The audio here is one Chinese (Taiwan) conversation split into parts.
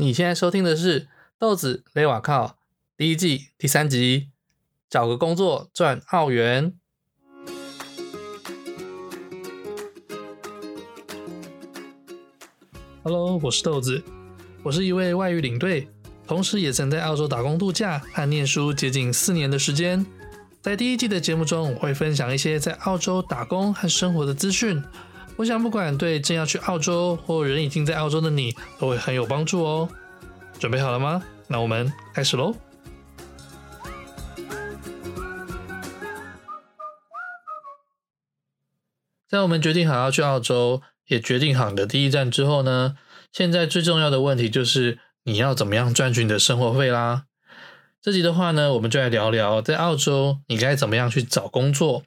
你現在收聽的是《豆子勒瓦靠》第一季第三集，《找個工作賺澳元》。Hello，我是豆子，我是一位外語領隊，同時也曾在澳洲打工、度假和念書接近四年的時間。在第一季的節目中，我會分享一些在澳洲打工和生活的資訊。我想，不管對正要去澳洲或人已經在澳洲的你，都會很有幫助哦。準備好了嗎？那我們開始嘍。在我們決定好要去澳洲，也決定好你的第一站之後呢，現在最重要的問題就是你要怎麼樣賺取你的生活費啦。這集的話呢，我們就來聊聊在澳洲你該怎麼樣去找工作。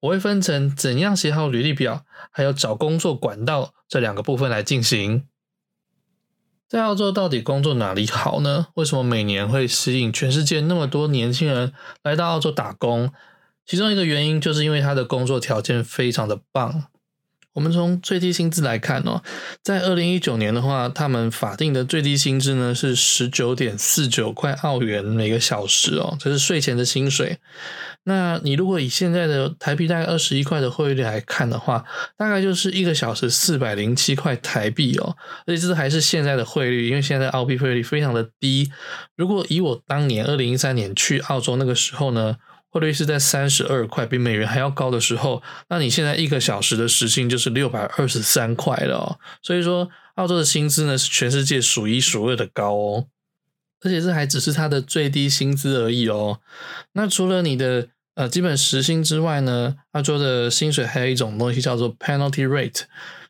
我會分成怎樣寫好履歷表，還有找工作管道這兩個部分來進行。在澳洲到底工作哪裡好呢？為什麼每年會吸引全世界那麼多年輕人來到澳洲打工？其中一個原因就是因為他的工作條件非常的棒。我們從最低薪資來看哦，在二零一九年的話，他們法定的最低薪資呢是十九點四九塊澳元每個小時哦，這是稅前的薪水。那你如果以現在的台幣大概二十一塊的匯率來看的話，大概就是一個小時四百零七塊台幣哦，而且這還是現在的匯率，因為現在澳幣匯率非常的低。如果以我當年二零一三年去澳洲那個時候呢。匯率是在三十二塊比美元還要高的時候，那你現在一個小時的時薪就是六百二十三塊了哦。所以說，澳洲的薪資呢是全世界數一數二的高哦，而且這還只是它的最低薪資而已哦。那除了你的呃基本時薪之外呢，澳洲的薪水還有一種東西叫做 penalty rate，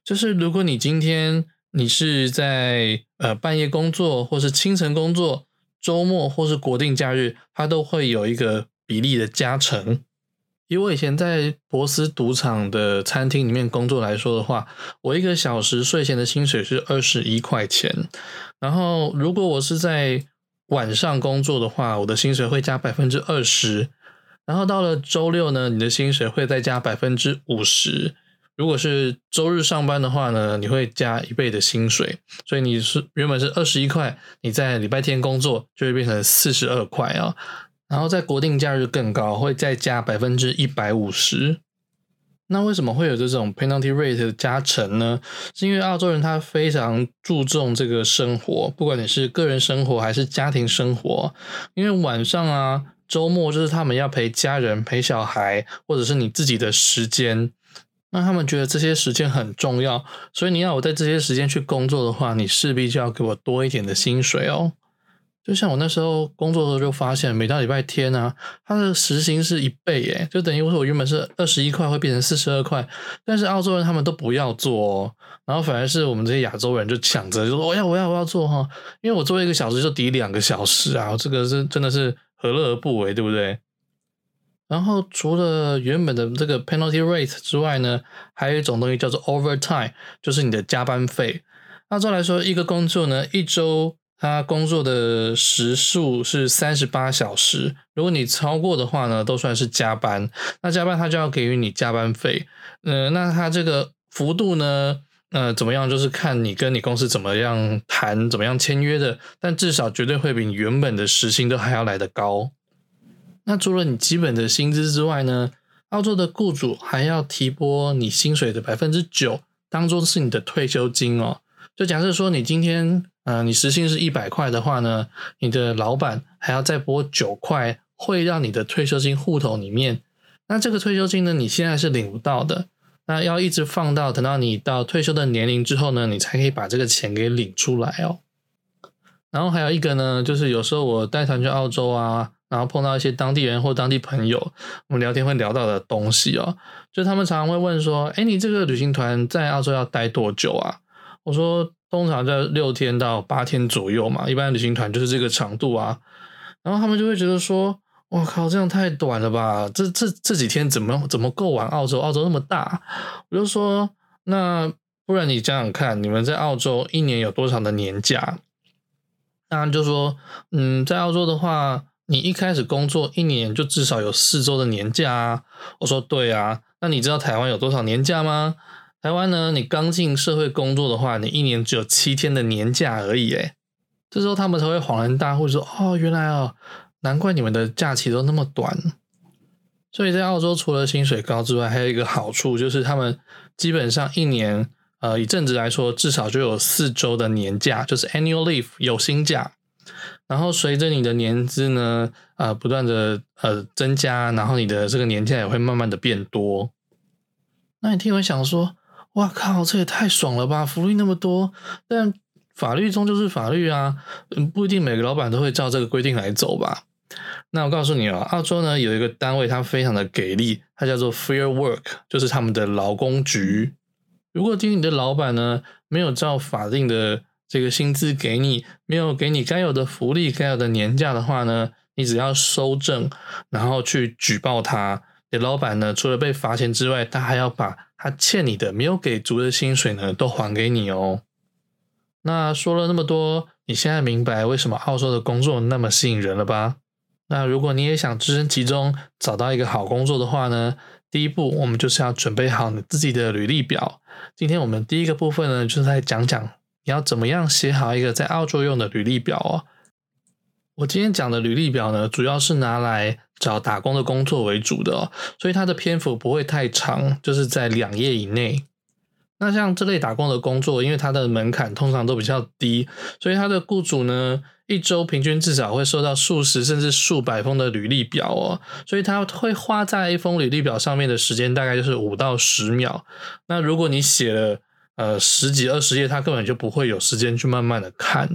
就是如果你今天你是在呃半夜工作或是清晨工作、周末或是國定假日，它都會有一個。比例的加成，以我以前在伯斯賭場的餐廳裡面工作來說的話，我一個小時稅前的薪水是二十一塊錢。然後，如果我是在晚上工作的話，我的薪水會加百分之二十。然後到了周六呢，你的薪水會再加百分之五十。如果是周日上班的話呢，你會加一倍的薪水。所以你是原本是二十一塊，你在禮拜天工作就會變成四十二塊啊。然後在國定假日更高，會再加百分之一百五十。那為什麼會有這種 penalty rate 的加成呢？是因為澳洲人他非常注重這個生活，不管你是個人生活還是家庭生活，因為晚上啊、周末就是他們要陪家人、陪小孩，或者是你自己的時間，那他們覺得這些時間很重要，所以你要我在這些時間去工作的話，你勢必就要給我多一點的薪水哦。就像我那時候工作的時候就發現，每到禮拜天啊，它的時薪是一倍誒，就等於我說我原本是二十一塊會變成四十二塊，但是澳洲人他們都不要做，哦，然後反而是我們這些亞洲人就搶着就說我要我要我要做哈，因為我做一個小時就抵兩個小時啊，這個是真的是何樂而不為，對不對？然後除了原本的這個 penalty rate 之外呢，還有一種東西叫做 overtime，就是你的加班費。澳洲來說，一個工作呢一周，他工作的時數是三十八小時，如果你超過的話呢，都算是加班。那加班他就要給予你加班費。嗯、呃，那他這個幅度呢，呃，怎麼樣？就是看你跟你公司怎麼樣談，怎麼樣簽約的。但至少絕對會比你原本的時薪都還要來得高。那除了你基本的薪資之外呢，澳洲的雇主還要提撥你薪水的百分之九，當做是你的退休金哦。就假設說你今天。嗯、呃，你時薪是一百塊的話呢，你的老闆還要再撥九塊，會讓你的退休金戶頭裡面。那這個退休金呢，你現在是領不到的，那要一直放到等到你到退休的年齡之後呢，你才可以把這個錢給領出來哦。然後還有一個呢，就是有時候我帶團去澳洲啊，然後碰到一些當地人或當地朋友，我們聊天會聊到的東西哦，就他們常常會問說：“哎，你這個旅行團在澳洲要待多久啊？”我說。通常在六天到八天左右嘛，一般旅行團就是這個長度啊。然後他們就會覺得說：“哇靠，這樣太短了吧？這這這幾天怎麼怎麼夠玩澳洲？澳洲那麼大。”我就說：“那不然你想想看，你們在澳洲一年有多少的年假？”那就說：“嗯，在澳洲的話，你一開始工作一年就至少有四周的年假啊。”我說：“對啊，那你知道台灣有多少年假嗎？”臺灣呢，你剛進社會工作的話，你一年只有七天的年假而已。誒，這時候他們才會恍然大悟說：“哦，原來哦，難怪你們的假期都那麼短。”所以在澳洲，除了薪水高之外，還有一個好處就是他們基本上一年，呃，以正職來說，至少就有四周的年假，就是 annual leave 有薪假。然後隨着你的年資呢，呃，不斷的呃增加，然後你的這個年假也會慢慢的變多。那你聽我想說。哇靠！這也太爽了吧，福利那麼多，但法律終究是法律啊，不一定每個老闆都會照這個規定來走吧。那我告訴你啊，澳洲呢，有一個單位它非常的給力，它叫做 Fair Work，就是他們的勞工局。如果聽你的老闆呢，沒有照法定的這個薪資給你，沒有給你該有的福利、該有的年假的話呢，你只要蒐證，然後去舉報他。給老闆呢，除了被罰錢之外，他還要把他欠你的沒有給足的薪水呢，都還給你哦。那說了那麼多，你現在明白為什麼澳洲的工作那麼吸引人了吧？那如果你也想置身其中，找到一個好工作的話呢，第一步我們就是要準備好你自己的履歷表。今天我們第一個部分呢，就是來講講你要怎麼樣寫好一個在澳洲用的履歷表哦。我今天講的履歷表呢，主要是拿來。找打工的工作為主的哦，所以他的篇幅不會太長，就是在兩頁以內。那像這類打工的工作，因為它的門檻通常都比較低，所以他的雇主呢，一周平均至少會收到數十甚至數百封的履歷表哦，所以他會花在一封履歷表上面的時間大概就是五到十秒。那如果你寫了呃十幾二十頁，他根本就不會有時間去慢慢的看。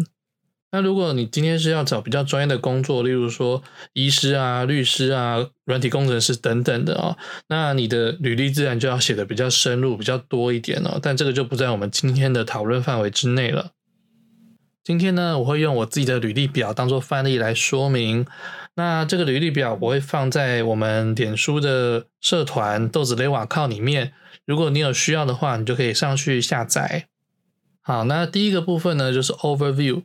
那如果你今天是要找比較專業的工作，例如說醫師啊、律師啊、軟體工程師等等的哦，那你的履歷自然就要寫的比較深入、比較多一點哦。但這個就不在我們今天的討論範圍之內了。今天呢，我會用我自己的履歷表當做範例來說明。那這個履歷表我會放在我們臉書的社團豆子勒瓦靠裡面，如果你有需要的話，你就可以上去下載。好，那第一個部分呢，就是 Overview。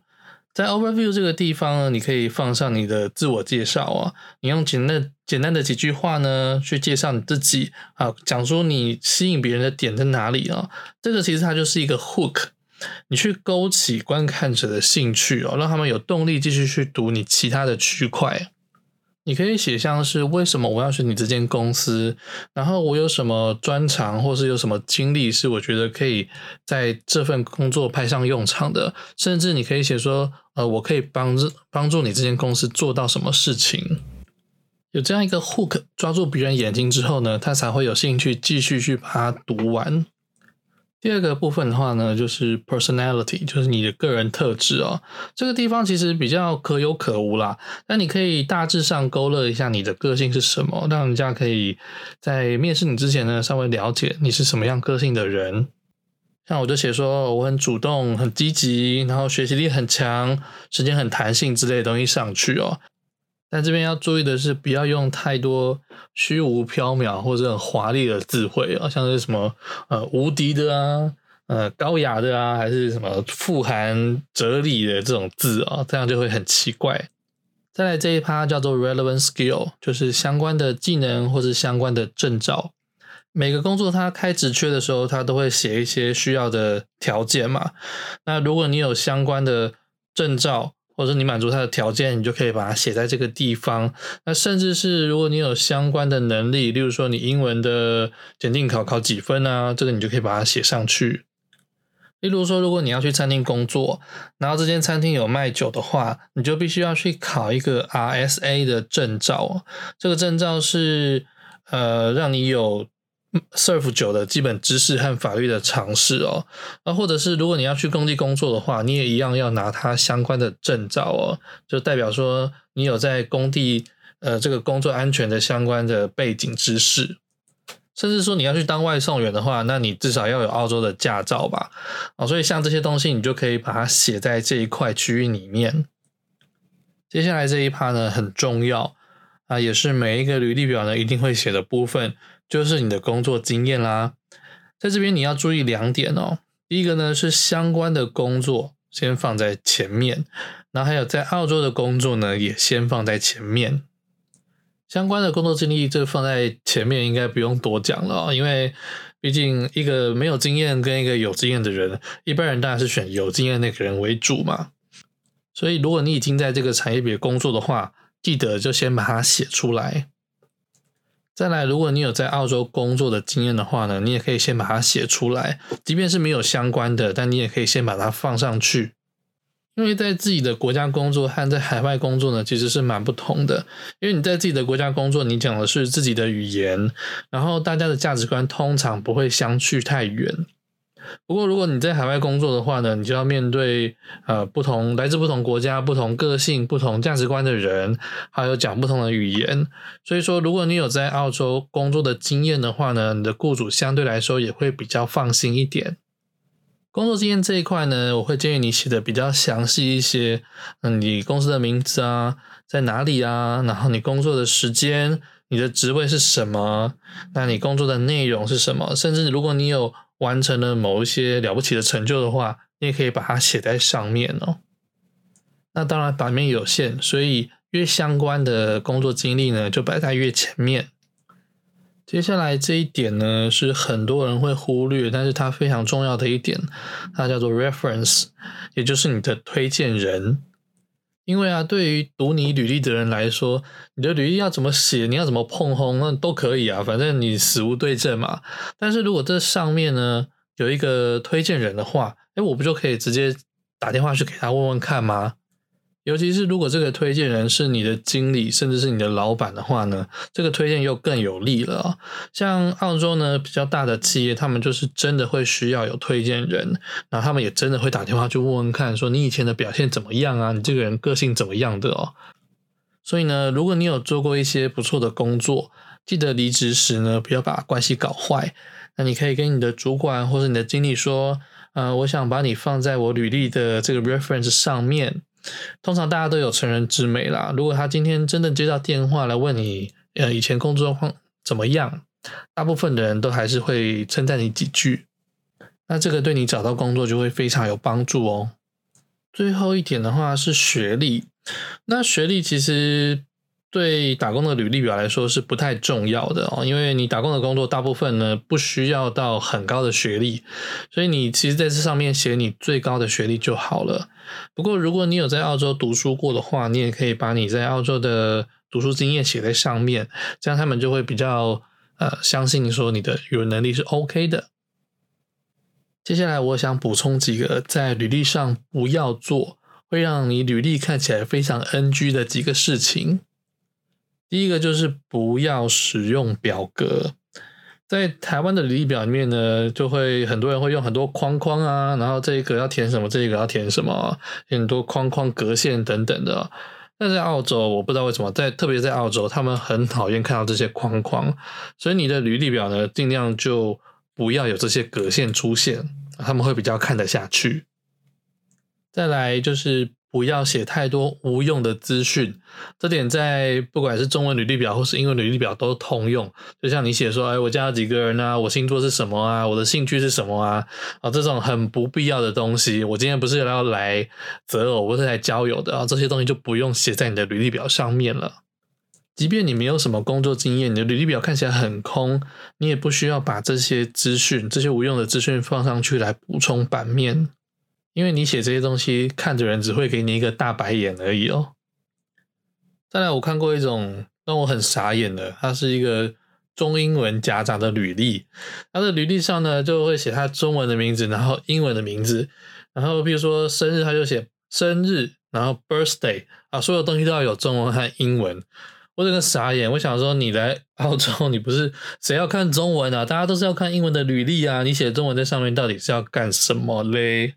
在 Overview 這個地方呢，你可以放上你的自我介紹啊、哦，你用簡單簡單的幾句話呢，去介紹你自己啊，講說你吸引別人的點在哪裡啊、哦，這個其實它就是一個 hook，你去勾起觀看者的興趣哦，讓他們有動力繼續去讀你其他的區塊。你可以寫像是為什麼我要選你這間公司，然後我有什麼專長，或是有什麼經歷是我覺得可以在這份工作派上用場的，甚至你可以寫說，呃，我可以幫，幫助你這間公司做到什麼事情。有這樣一個 hook 抓住別人眼睛之後呢，他才會有興趣繼續去把它讀完。第二個部分的話呢，就是 personality，就是你的個人特質哦。這個地方其實比較可有可無啦，但你可以大致上勾勒一下你的個性是什麼，讓人家可以在面試你之前呢，稍微了解你是什麼樣個性的人。像我就寫說，我很主動、很積極，然後學習力很強，時間很彈性之類的東西上去哦。但這邊要注意的是，不要用太多虛無縹緲或者很華麗的詞彙啊，像是什麼呃無敵的啊、呃高雅的啊，還是什麼富含哲理的這種字啊，這樣就會很奇怪。再來這一趴叫做 Relevant Skill，就是相關的技能或是相關的證照。每個工作它開職缺的時候，它都會寫一些需要的條件嘛。那如果你有相關的證照，或者你滿足他的條件，你就可以把它寫在這個地方。那甚至是如果你有相關的能力，例如說你英文的檢定考考幾分啊，這個你就可以把它寫上去。例如說，如果你要去餐廳工作，然後這間餐廳有賣酒的話，你就必須要去考一個 RSA 的證照。這個證照是呃，讓你有。Surf 9的基本知識和法律的常識哦，那或者是如果你要去工地工作的話，你也一樣要拿它相關的證照哦，就代表說你有在工地呃這個工作安全的相關的背景知識，甚至說你要去當外送員的話，那你至少要有澳洲的駕照吧，哦，所以像這些東西你就可以把它寫在這一塊區域裡面。接下來這一趴呢很重要啊，也是每一個履歷表呢一定會寫的部分。就是你的工作經驗啦，在這邊你要注意兩點哦。第一個呢是相關的工作先放在前面，然後還有在澳洲的工作呢也先放在前面。相關的工作經歷就放在前面，應該不用多講了哦，因為畢竟一個沒有經驗跟一個有經驗的人，一般人當然是選有經驗的那個人為主嘛。所以如果你已經在這個產業別工作的話，記得就先把它寫出來。再來，如果你有在澳洲工作的經驗的話呢，你也可以先把它寫出來。即便是沒有相關的，但你也可以先把它放上去。因為在自己的國家工作和在海外工作呢，其實是蠻不同的。因為你在自己的國家工作，你講的是自己的語言，然後大家的價值觀通常不會相去太遠。不過，如果你在海外工作的話呢，你就要面對呃不同來自不同國家、不同個性、不同價值觀的人，還有講不同的語言。所以說，如果你有在澳洲工作的經驗的話呢，你的雇主相對來說也會比較放心一點。工作經驗這一塊呢，我會建議你寫的比較詳細一些，嗯，你公司的名字啊，在哪裡啊，然後你工作的時間、你的職位是什麼，那你工作的內容是什麼，甚至如果你有。完成了某一些了不起的成就的話，你也可以把它寫在上面哦。那當然版面有限，所以越相關的工作經歷呢，就擺在越前面。接下來這一點呢，是很多人會忽略，但是它非常重要的一點，它叫做 reference，也就是你的推薦人。因為啊，對於讀你履歷的人來說，你的履歷要怎麼寫，你要怎麼膨風，那都可以啊，反正你死無對證嘛。但是如果這上面呢，有一個推薦人的話，哎，我不就可以直接打電話去給他問問看嗎？尤其是如果這個推薦人是你的經理，甚至是你的老板的話呢，這個推薦又更有利了哦。像澳洲呢，比較大的企業，他們就是真的會需要有推薦人，然後他們也真的會打電話去問問看，說你以前的表現怎麼樣啊？你這個人個性怎麼樣的哦？所以呢，如果你有做過一些不錯的工作，記得離職時呢，不要把關係搞壞。那你可以跟你的主管或者你的經理說，呃，我想把你放在我履歷的這個 reference 上面。通常大家都有成人之美啦。如果他今天真的接到電話來問你，呃，以前工作況怎麼樣，大部分的人都還是會稱讚你幾句。那這個對你找到工作就會非常有幫助哦。最後一點的話是學歷，那學歷其實。對打工的履歷表來說是不太重要的哦，因為你打工的工作大部分呢不需要到很高的學歷，所以你其實在這上面寫你最高的學歷就好了。不過如果你有在澳洲讀書過的話，你也可以把你在澳洲的讀書經驗寫在上面，這樣他們就會比較呃相信說你的語文能力是 OK 的。接下來我想補充幾個在履歷上不要做，會讓你履歷看起來非常 NG 的幾個事情。第一個就是不要使用表格。在台灣的履歷表裡面呢，就會很多人會用很多框框啊，然後這一格要填什麼，這一格要填什麼，很多框框、格線等等的。但在澳洲，我不知道為什麼，在特別在澳洲，他們很討厭看到這些框框，所以你的履歷表呢，盡量就不要有這些格線出現，他們會比較看得下去。再來就是。不要寫太多無用的資訊，這點在不管是中文履歷表或是英文履歷表都通用。就像你寫說，哎，我家有幾個人啊，我星座是什麼啊，我的興趣是什麼啊，啊、哦，這種很不必要的東西，我今天不是要來擇偶，我是來交友的啊、哦，這些東西就不用寫在你的履歷表上面了。即便你沒有什麼工作經驗，你的履歷表看起來很空，你也不需要把這些資訊、這些無用的資訊放上去來補充版面。因為你寫這些東西，看的人只會給你一個大白眼而已哦。再來，我看過一種讓我很傻眼的，它是一個中英文夾雜的履歷。他的履歷上呢，就會寫他中文的名字，然後英文的名字，然後比如說生日，他就寫生日，然後 birthday 啊，所有東西都要有中文和英文。我這個傻眼，我想說，你來澳洲，你不是誰要看中文啊？大家都是要看英文的履歷啊，你寫中文在上面到底是要幹什麼嘞？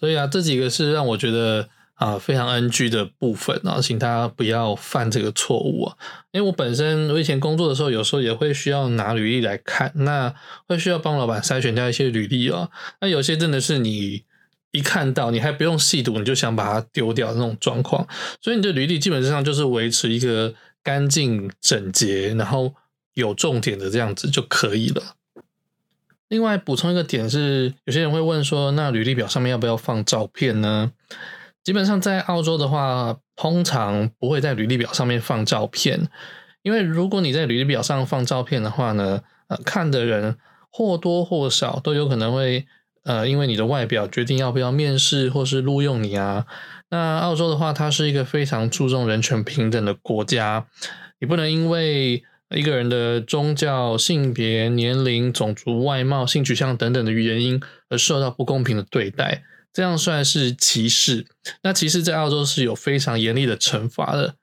所以啊，這幾個是讓我覺得啊非常 NG 的部分啊，請大家不要犯這個錯誤啊。因為我本身我以前工作的時候，有時候也會需要拿履歷來看，那會需要幫老闆篩選掉一些履歷哦，那有些真的是你一看到，你還不用細讀，你就想把它丟掉那種狀況。所以你的履歷基本上就是維持一個乾淨整潔，然後有重點的這樣子就可以了。另外補充一個點是，有些人會問說，那履歷表上面要不要放照片呢？基本上在澳洲的話，通常不會在履歷表上面放照片，因為如果你在履歷表上放照片的話呢，呃，看的人或多或少都有可能會呃，因為你的外表決定要不要面試或是錄用你啊。那澳洲的話，它是一個非常注重人權平等的國家，你不能因為，一個人的宗教、性別、年齡、種族、外貌、性取向等等的原因而受到不公平的對待，這樣算是歧視。那其實，在澳洲是有非常嚴厲的懲罰的。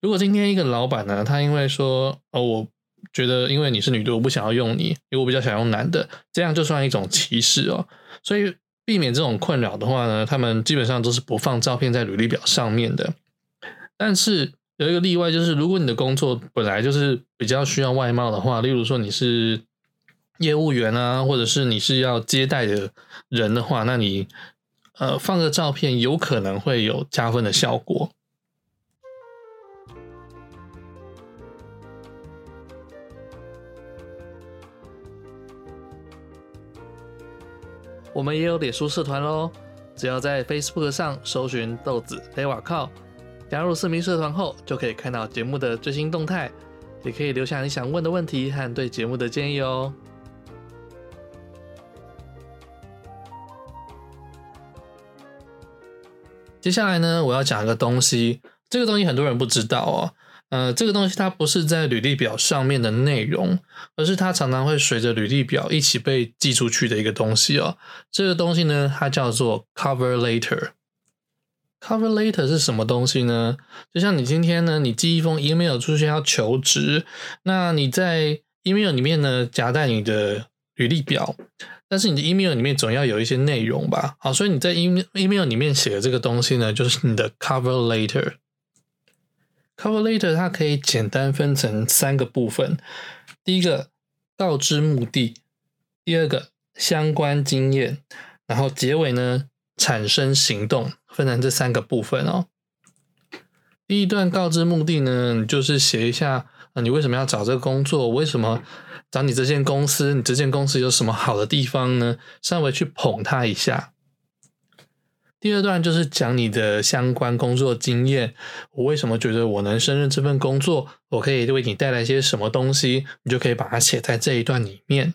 如果今天一個老闆呢，他因為說，哦，我覺得因為你是女的，我不想要用你，因為我比較想用男的，這樣就算一種歧視哦。所以，避免這種困擾的話呢，他們基本上都是不放照片在履歷表上面的。但是，有一個例外，就是如果你的工作本來就是比較需要外貌的話，例如說你是業務員啊，或者是你是要接待的人的話，那你呃放個照片有可能會有加分的效果。我們也有臉書社團嘍，只要在 Facebook 上搜尋豆子勒瓦靠。加入私密社團後，就可以看到節目的最新動態，也可以留下你想問的問題和對節目的建議哦。接下來呢，我要講一個東西，這個東西很多人不知道哦、喔。呃，這個東西它不是在履歷表上面的內容，而是它常常會隨着履歷表一起被寄出去的一個東西哦、喔。這個東西呢，它叫做 cover letter。Cover letter 是什麼東西呢？就像你今天呢，你寄一封 email 出去要求職，那你在 email 裡面呢夾帶你的履歷表，但是你的 email 裡面總要有一些內容吧？好，所以你在 email 裡面寫的這個東西呢，就是你的 cover letter。Cover letter 它可以簡單分成三個部分：第一個，告知目的；第二個，相關經驗；然後結尾呢，產生行動。分成這三個部分哦。第一段告知目的呢，就是寫一下，啊，你為什麼要找這個工作，為什麼找你這間公司，你這間公司有什麼好的地方呢？稍微去捧他一下。第二段就是講你的相關工作經驗，我為什麼覺得我能勝任這份工作？我可以為你帶來一些什麼東西？你就可以把它寫在這一段裡面。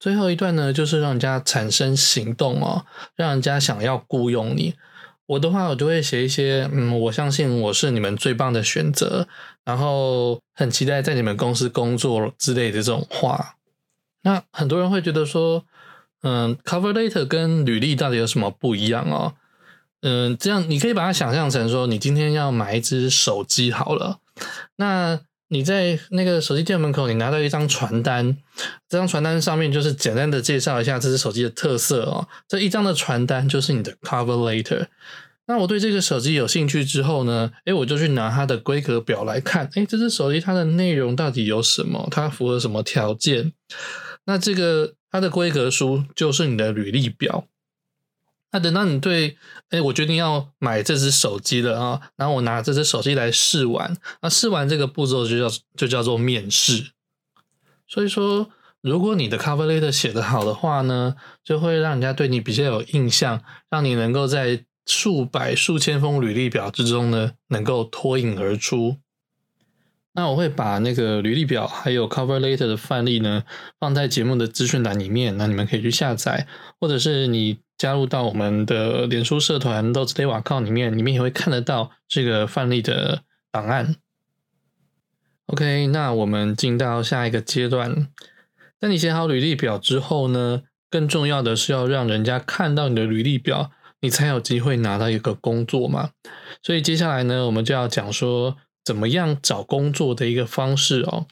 最後一段呢，就是讓人家產生行動哦，讓人家想要僱傭你。我的話，我就會寫一些，嗯，我相信我是你們最棒的選擇，然後很期待在你們公司工作之類的這種話。那很多人會覺得說，嗯，cover letter 跟履歷到底有什麼不一樣哦？嗯，這樣你可以把它想象成說，你今天要買一支手機好了，那。你在那個手機店門口，你拿到一張傳單，這張傳單上面就是簡單的介紹一下這只手機的特色哦。這一張的傳單就是你的 cover letter。那我對這個手機有興趣之後呢，誒，我就去拿它的規格表來看，誒，這只手機它的內容到底有什麼，它符合什麼條件？那這個它的規格書就是你的履歷表。那等到你對，哎、欸，我決定要買這只手機了啊，然後我拿這只手機來試玩，那試完這個步驟就叫就叫做面試。所以說，如果你的 cover letter 寫得好的話呢，就會讓人家對你比較有印象，讓你能夠在數百數千封履歷表之中呢，能夠脫穎而出。那我會把那個履歷表還有 cover letter 的範例呢，放在節目的資訊欄裡面，那你們可以去下載，或者是你加入到我們的臉書社團豆子勒瓦靠裡面，你們也會看得到這個範例的檔案。OK，那我們進到下一個階段。在你寫好履歷表之後呢，更重要的是要讓人家看到你的履歷表，你才有機會拿到一個工作嘛。所以接下來呢，我們就要講說。怎麼樣找工作的一個方式哦。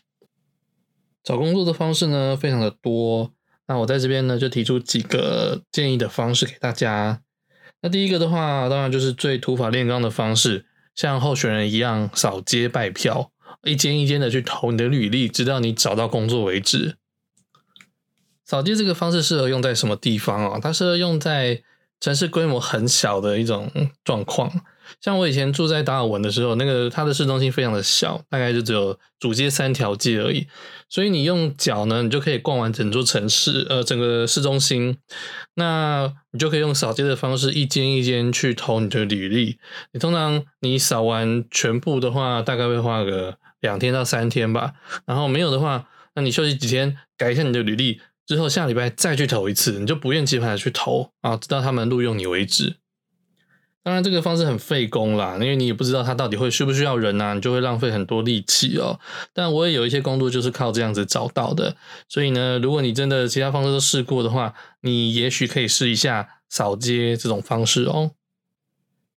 找工作的方式呢，非常的多。那我在這邊呢，就提出幾個建議的方式給大家。那第一個的話，當然就是最土法煉鋼的方式，像候選人一樣掃街拜票，一間一間的去投你的履歷，直到你找到工作為止。掃街這個方式適合用在什麼地方啊？它適合用在城市規模很小的一種狀況。像我以前住在達爾文的時候，那個它的市中心非常的小，大概就只有主街三條街而已。所以你用腳呢，你就可以逛完整座城市，呃，整個市中心。那你就可以用掃街的方式，一間一間去投你的履歷。你通常你掃完全部的話，大概會花個兩天到三天吧。然後沒有的話，那你休息幾天，改一下你的履歷，之後下禮拜再去投一次，你就不厭其煩去投啊，然後直到他們錄用你為止。當然，這個方式很費工啦，因為你也不知道他到底會需不需要人吶、啊，你就會浪費很多力氣哦。但我也有一些工作就是靠這樣子找到的，所以呢，如果你真的其他方式都試過的話，你也許可以試一下掃街這種方式哦。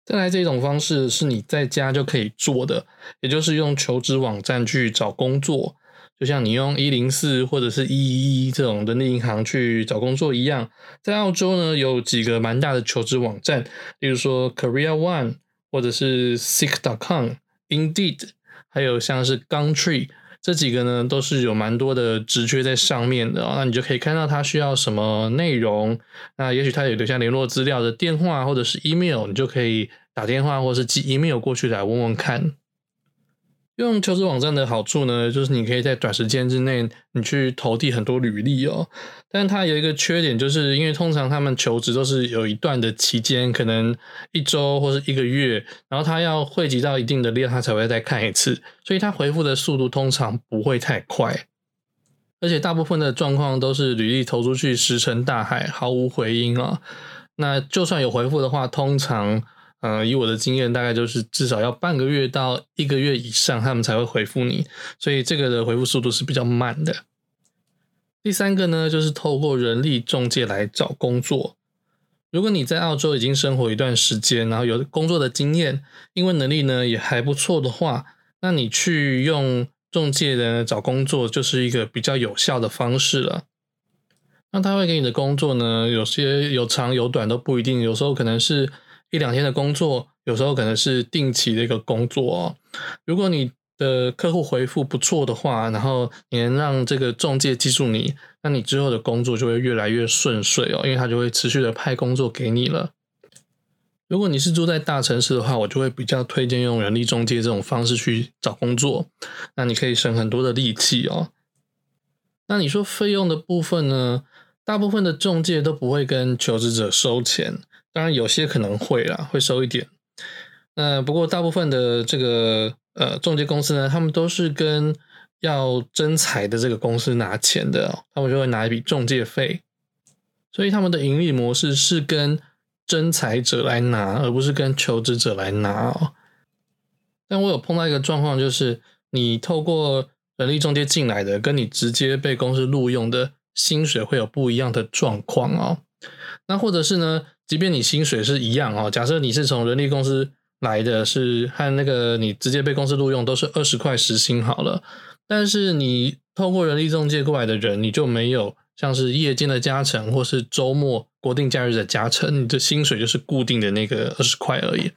再來，這種方式是你在家就可以做的，也就是用求職網站去找工作。就像你用一零四或者是一一一這種人力銀行去找工作一樣，在澳洲呢，有幾個蠻大的求職網站，例如說 Career One，或者是 Seek dot com，Indeed，還有像是 Gumtree，這幾個呢都是有蠻多的職缺在上面的。那你就可以看到它需要什麼內容，那也許它有留下聯絡資料的電話或者是 email，你就可以打電話或是寄 email 過去來問問看。用求職網站的好處呢，就是你可以在短時間之內，你去投遞很多履歷哦、喔。但它有一個缺點，就是因為通常他們求職都是有一段的期間，可能一周或是一個月，然後他要匯集到一定的量，他才會再看一次。所以他回復的速度通常不會太快，而且大部分的狀況都是履歷投出去石沉大海，毫無回音哦、喔。那就算有回復的話，通常。呃，以我的經驗，大概就是至少要半個月到一個月以上，他們才會回覆你，所以這個的回覆速度是比較慢的。第三個呢，就是透過人力中介來找工作。如果你在澳洲已經生活一段時間，然後有工作的經驗，英文能力呢也還不錯的話，那你去用中介的找工作，就是一個比較有效的方式了。那他會給你的工作呢，有些有長有短都不一定，有時候可能是。一兩天的工作，有時候可能是定期的一個工作哦。如果你的客戶回復不錯的話，然後你能讓這個中介記住你，那你之後的工作就會越來越順遂哦，因為他就會持續的派工作給你了。如果你是住在大城市的話，我就會比較推薦用人力中介這種方式去找工作，那你可以省很多的力氣哦。那你說費用的部分呢？大部分的中介都不會跟求職者收錢。當然有些可能會啦，會收一點。那不過大部分的這個呃仲介公司呢，他們都是跟要徵才的這個公司拿錢的哦，他們就會拿一筆仲介費。所以他們的盈利模式是跟徵才者來拿，而不是跟求職者來拿哦。但我有碰到一個狀況，就是你透過人力仲介進來的，跟你直接被公司錄用的薪水會有不一樣的狀況哦。那或者是呢，即便你薪水是一樣哦，假設你是從人力公司來的是和那個你直接被公司錄用都是二十塊時薪好了，但是你透過人力仲介過來的人，你就沒有像是夜間的加成或是周末國定假日的加成，你的薪水就是固定的那個二十塊而已。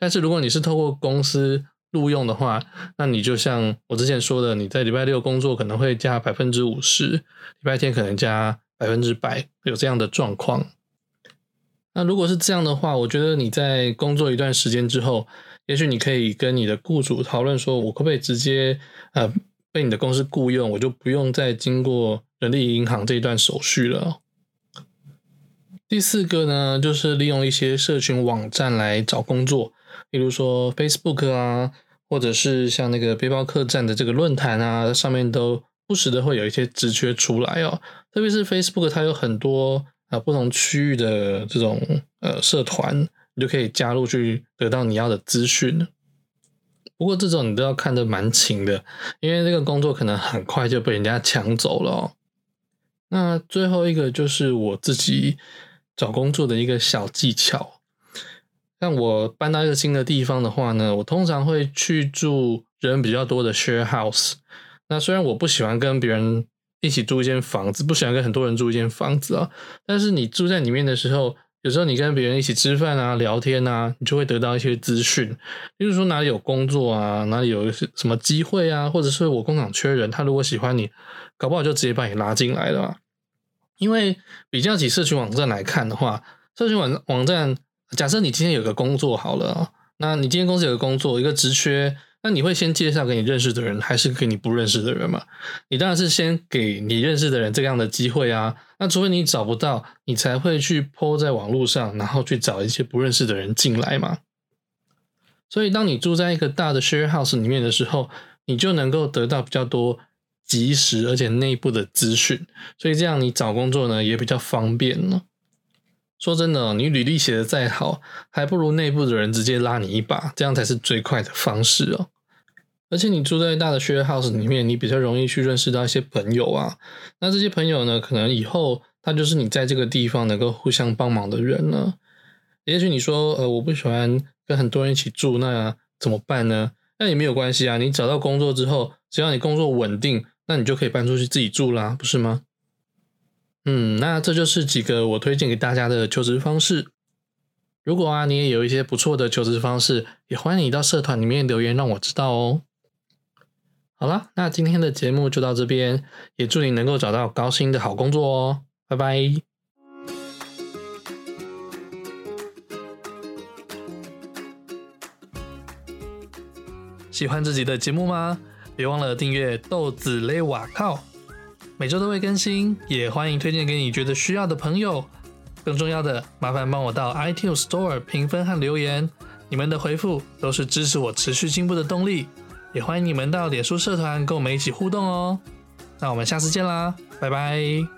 但是如果你是透過公司錄用的話，那你就像我之前說的，你在禮拜六工作可能會加百分之五十，禮拜天可能加百分之百，有這樣的狀況。那如果是這樣的話，我覺得你在工作一段時間之後，也許你可以跟你的雇主討論說，我可不可以直接呃被你的公司雇傭，我就不用再經過人力銀行這一段手續了。第四個呢，就是利用一些社群網站來找工作，比如說 Facebook 啊，或者是像那個背包客棧的這個論壇啊，上面都不時的會有一些職缺出來哦，特別是 Facebook，它有很多。啊，不同區域的這種呃社團，你就可以加入去得到你要的資訊。不過這種你都要看得蠻勤的，因為這個工作可能很快就被人家搶走了哦。那最後一個就是我自己找工作的一個小技巧。像我搬到一個新的地方的話呢，我通常會去住人比較多的 share house。那雖然我不喜歡跟別人。一起租一間房子，不想跟很多人住一間房子啊、哦。但是你住在裡面的時候，有時候你跟別人一起吃飯啊、聊天啊，你就會得到一些資訊。比如說哪裡有工作啊，哪裡有一些什麼機會啊，或者是我工廠缺人，他如果喜歡你，搞不好就直接把你拉進來了、啊。因為比較起社群網站來看的話，社群網網站，假設你今天有個工作好了，那你今天公司有個工作，一個職缺。那你會先介紹給你認識的人，還是給你不認識的人嘛？你當然是先給你認識的人這樣的機會啊。那除非你找不到，你才會去 po 在網絡上，然後去找一些不認識的人進來嘛。所以，當你住在一個大的 share house 裡面的時候，你就能夠得到比較多及時而且內部的資訊。所以這樣你找工作呢也比較方便了、哦。說真的、哦，你履歷寫的再好，還不如內部的人直接拉你一把，這樣才是最快的方式哦。而且你住在大的 share house 裡面，你比較容易去認識到一些朋友啊。那這些朋友呢，可能以後他就是你在這個地方能夠互相幫忙的人呢。也許你說，呃，我不喜歡跟很多人一起住，那怎麼辦呢？那也沒有關係啊。你找到工作之後，只要你工作穩定，那你就可以搬出去自己住啦，不是嗎？嗯，那這就是幾個我推薦給大家的求職方式。如果啊，你也有一些不錯的求職方式，也歡迎你到社團裡面留言讓我知道哦。好啦，那今天的節目就到這邊，也祝你能夠找到高薪的好工作哦，拜拜！喜歡這集的節目嗎？別忘了訂閱豆子勒瓦靠，每周都會更新，也歡迎推薦給你覺得需要的朋友。更重要的，麻煩幫我到 iTunes Store 評分和留言，你們的回復都是支持我持續進步的動力。也歡迎你們到臉書社團跟我們一起互動喔。那我們下次見啦，拜拜。